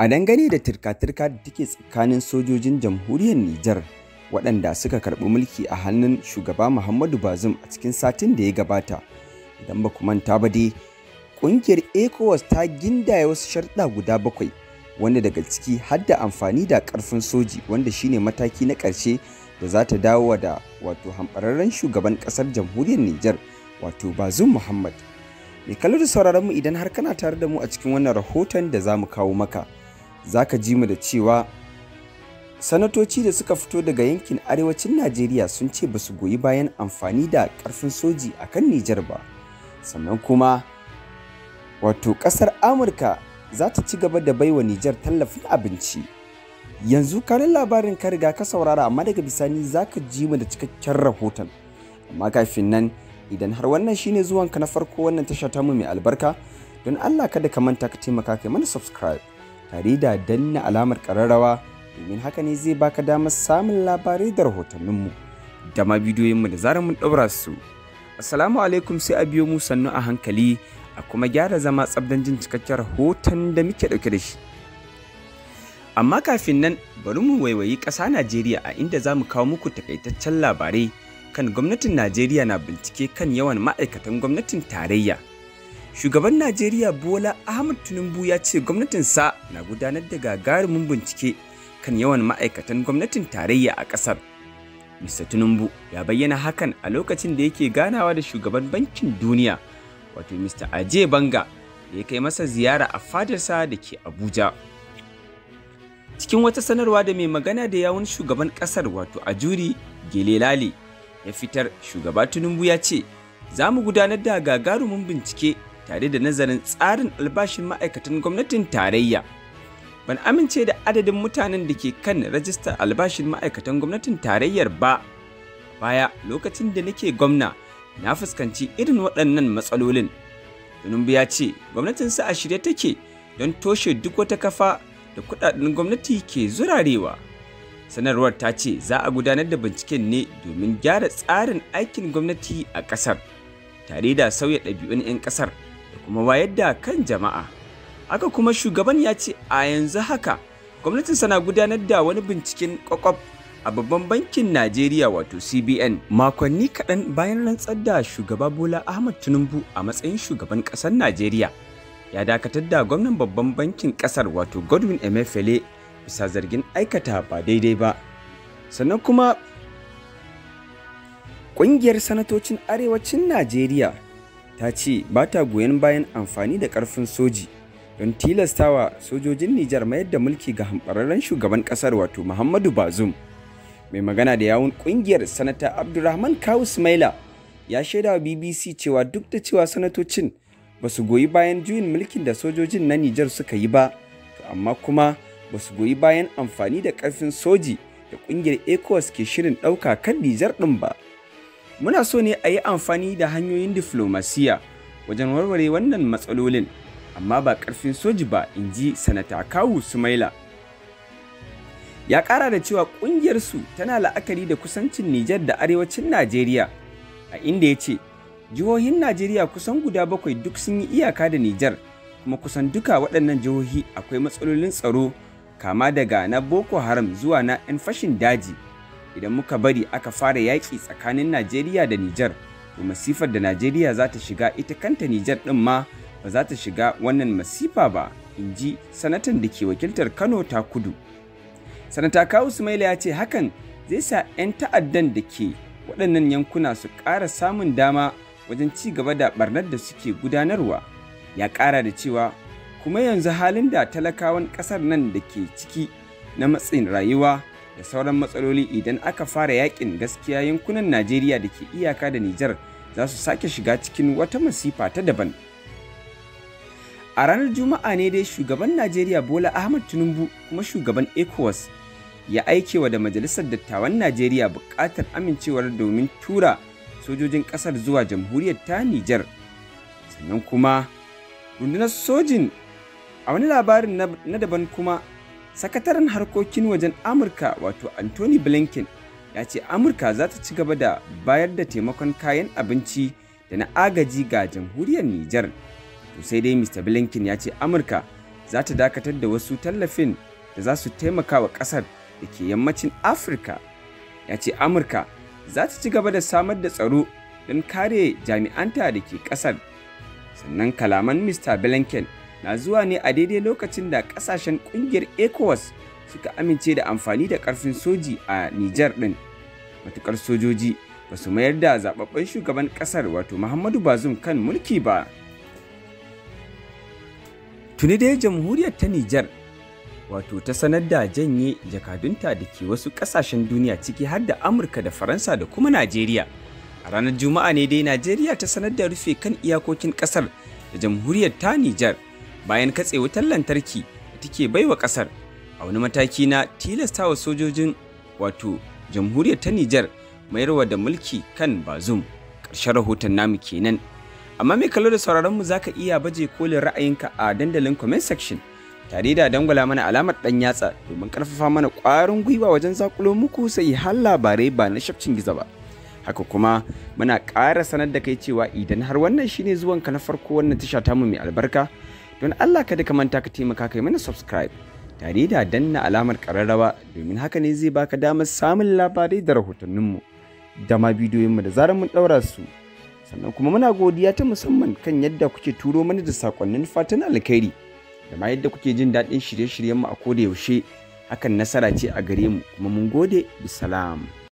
A dangane da turka-turka da take tsakanin sojojin jamhuriyar Nijar waɗanda suka karɓi mulki a hannun shugaba Muhammadu Bazum a cikin satin da ya gabata. Idan ba ku manta ba dai, ƙungiyar ECOWAS ta gindaya wasu sharɗa guda bakwai, wanda daga ciki har amfani da ƙarfin soji wanda shine mataki na ƙarshe da za ta dawo da wato hamɓararren shugaban ƙasar jamhuriyar Nijar, wato Bazum Muhammad. Mai kallo da sauraron mu idan har kana tare da mu a cikin wannan rahoton da za mu kawo maka. za ka ji mu da cewa sanatoci da suka fito daga yankin arewacin najeriya sun ce ba su goyi bayan amfani da karfin soji a kan nijar ba sannan kuma wato kasar amurka za ta ci gaba da baiwa nijar tallafin abinci yanzu kanin labarin ka riga ka saurara amma daga bisani za ka ji mu da cikakken rahoton amma kafin nan idan har wannan shine zuwanka na farko wannan tasha tamu mai albarka don allah kada ka manta ka taimaka kai mana subscribe tare da danna alamar ƙararrawa domin haka ne zai baka damar samun labarai da rahotanninmu da ma bidiyoyinmu da zarar mun ɗaura su. Assalamu alaikum sai a biyo mu sannu a hankali a kuma gyara zama tsabdan jin cikakken rahoton da muke ɗauke da shi. Amma kafin nan bari mu waiwayi ƙasa Najeriya a inda za mu kawo muku takaitaccen labarai kan gwamnatin Najeriya na bincike kan yawan ma'aikatan gwamnatin tarayya. Shugaban Najeriya Bola Ahmad Tinubu ya ce gwamnatinsa na gudanar da gagarumin bincike kan yawan ma'aikatan gwamnatin tarayya a ƙasar. Mr. Tinubu ya bayyana hakan a lokacin da yake ganawa da shugaban bankin duniya wato Mr. Aje Banga da ya kai masa ziyara a fadarsa da ke Abuja. Cikin wata sanarwa da mai magana da yawun shugaban ƙasar wato Ajuri Gelelale ya fitar shugaba Tinubu ya ce za mu gudanar da gagarumin bincike tare da nazarin tsarin albashin ma'aikatan gwamnatin tarayya. Ban amince da adadin mutanen da ke kan rajistar albashin ma'aikatan gwamnatin tarayyar ba. Baya lokacin da nake gwamna na fuskanci irin waɗannan matsalolin. Tinubu ya ce gwamnatin sa a shirye take don toshe duk wata kafa da kudaden gwamnati ke zurarewa. Sanarwar ta ce za a gudanar da binciken ne domin gyara tsarin aikin gwamnati a ƙasar, tare da sauya ɗabi'un 'yan ƙasar. da kuma wayar da kan jama'a aka kuma shugaban ya ce a yanzu haka gwamnatinsa na gudanar da wani binciken kwakwab a babban bankin Najeriya wato CBN makonni kaɗan bayan rantsar da shugaba Bola Ahmad Tinubu a matsayin shugaban ƙasar Najeriya. Ya dakatar da gwamnan babban bankin ƙasar wato Godwin emefele bisa zargin aikata ba daidai ba. Sannan kuma ƙungiyar sanatocin arewacin Najeriya ta ce ba ta goyon bayan amfani da ƙarfin soji don tilastawa sojojin Nijar mayar da mulki ga hamɓararren shugaban ƙasar wato Muhammadu Bazum. Mai magana da yawun ƙungiyar Sanata Abdulrahman Kawu Smaila ya shaida wa BBC cewa duk da cewa sanatocin ba su goyi bayan juyin mulkin da sojojin na Nijar suka yi ba, to amma kuma ba su goyi bayan amfani da ƙarfin soji da ƙungiyar ECOWAS ke shirin ɗauka kan Nijar ɗin ba. muna so ne a yi amfani da hanyoyin diflomasiya wajen warware wannan matsalolin amma ba karfin soji ba in ji sanata kawu sumaila ya ƙara da cewa ƙungiyarsu tana la'akari da kusancin nijar da arewacin najeriya a inda ya ce jihohin najeriya kusan guda bakwai duk sun yi iyaka da nijar kuma kusan duka waɗannan jihohi akwai matsalolin tsaro kama daga na boko haram zuwa na 'yan fashin daji idan muka bari aka fara yaƙi tsakanin Najeriya da Nijar, to masifar da Najeriya za ta shiga ita kanta Nijar ɗin ma ba za ta shiga wannan masifa ba, in ji sanatan da ke wakiltar Kano ta kudu. Sanata Kawu Sumaila ya ce hakan zai sa 'yan ta'addan da ke waɗannan yankuna su ƙara samun dama wajen ci gaba da ɓarnar da suke gudanarwa. Ya ƙara da cewa kuma yanzu halin da talakawan ƙasar nan da ke ciki na matsin rayuwa da sauran matsaloli idan aka fara yakin gaskiya yankunan Najeriya da ke iyaka da Nijar za su sake shiga cikin wata masifa ta daban. A ranar Juma'a ne dai shugaban Najeriya Bola Ahmad Tinubu kuma shugaban ECOWAS ya aikewa da Majalisar Dattawan Najeriya buƙatar amincewar domin tura sojojin ƙasar zuwa jamhuriyar ta Nijar. Sannan kuma rundunar sojin a wani labarin na daban kuma sakataren harkokin wajen amurka wato anthony blinken ya ce amurka za ta ci gaba da bayar da taimakon kayan abinci da na agaji ga jamhuriyar niger to sai dai mr blinken ya ce amurka za ta dakatar da wasu tallafin da za su taimaka wa kasar da ke yammacin afirka ya ce amurka za ta ci gaba da samar da tsaro don kare jami'anta da ke kasar sannan kalaman mr blinken na zuwa ne a daidai lokacin da kasashen kungiyar ECOWAS suka amince da amfani da karfin soji a Niger ɗin. Matukar sojoji ba su mayar da zababben shugaban ƙasar wato Muhammadu Bazum kan mulki ba. Tuni dai jamhuriyar ta Niger wato ta sanar da janye jakadunta da ke wasu ƙasashen duniya ciki har da Amurka da Faransa da kuma Najeriya. A ranar Juma'a ne dai Najeriya ta sanar da rufe kan iyakokin ƙasar da jamhuriyar ta Niger. bayan katse wutar lantarki da take baiwa kasar a wani mataki na tilastawa sojojin wato jamhuriyar ta Nijar mayarwa da mulki kan Bazum. Ƙarshen rahoton namu kenan. Amma mai kallo da sauraron mu zaka iya baje kolin ra'ayinka a dandalin comment section tare da dangwala mana alamar dan yatsa domin karfafa mana ƙwarin gwiwa wajen zakulo muku sai har labarai ba na shafcin giza ba haka kuma muna ƙara sanar da kai cewa idan har wannan shine zuwanka na farko wannan tasha tamu mai albarka don Allah kada ka manta ka taimaka kai mana subscribe tare da danna alamar kararrawa domin haka ne zai baka damar samun labarai da rahotanninmu da ma bidiyoyinmu da zarar mun ɗaura su sannan kuma muna godiya ta musamman kan yadda kuke turo mana da sakonnin fatan alkhairi da ma yadda kuke jin daɗin shirye-shiryenmu a koda yaushe hakan nasara ce a gare mu kuma mun gode bisalam.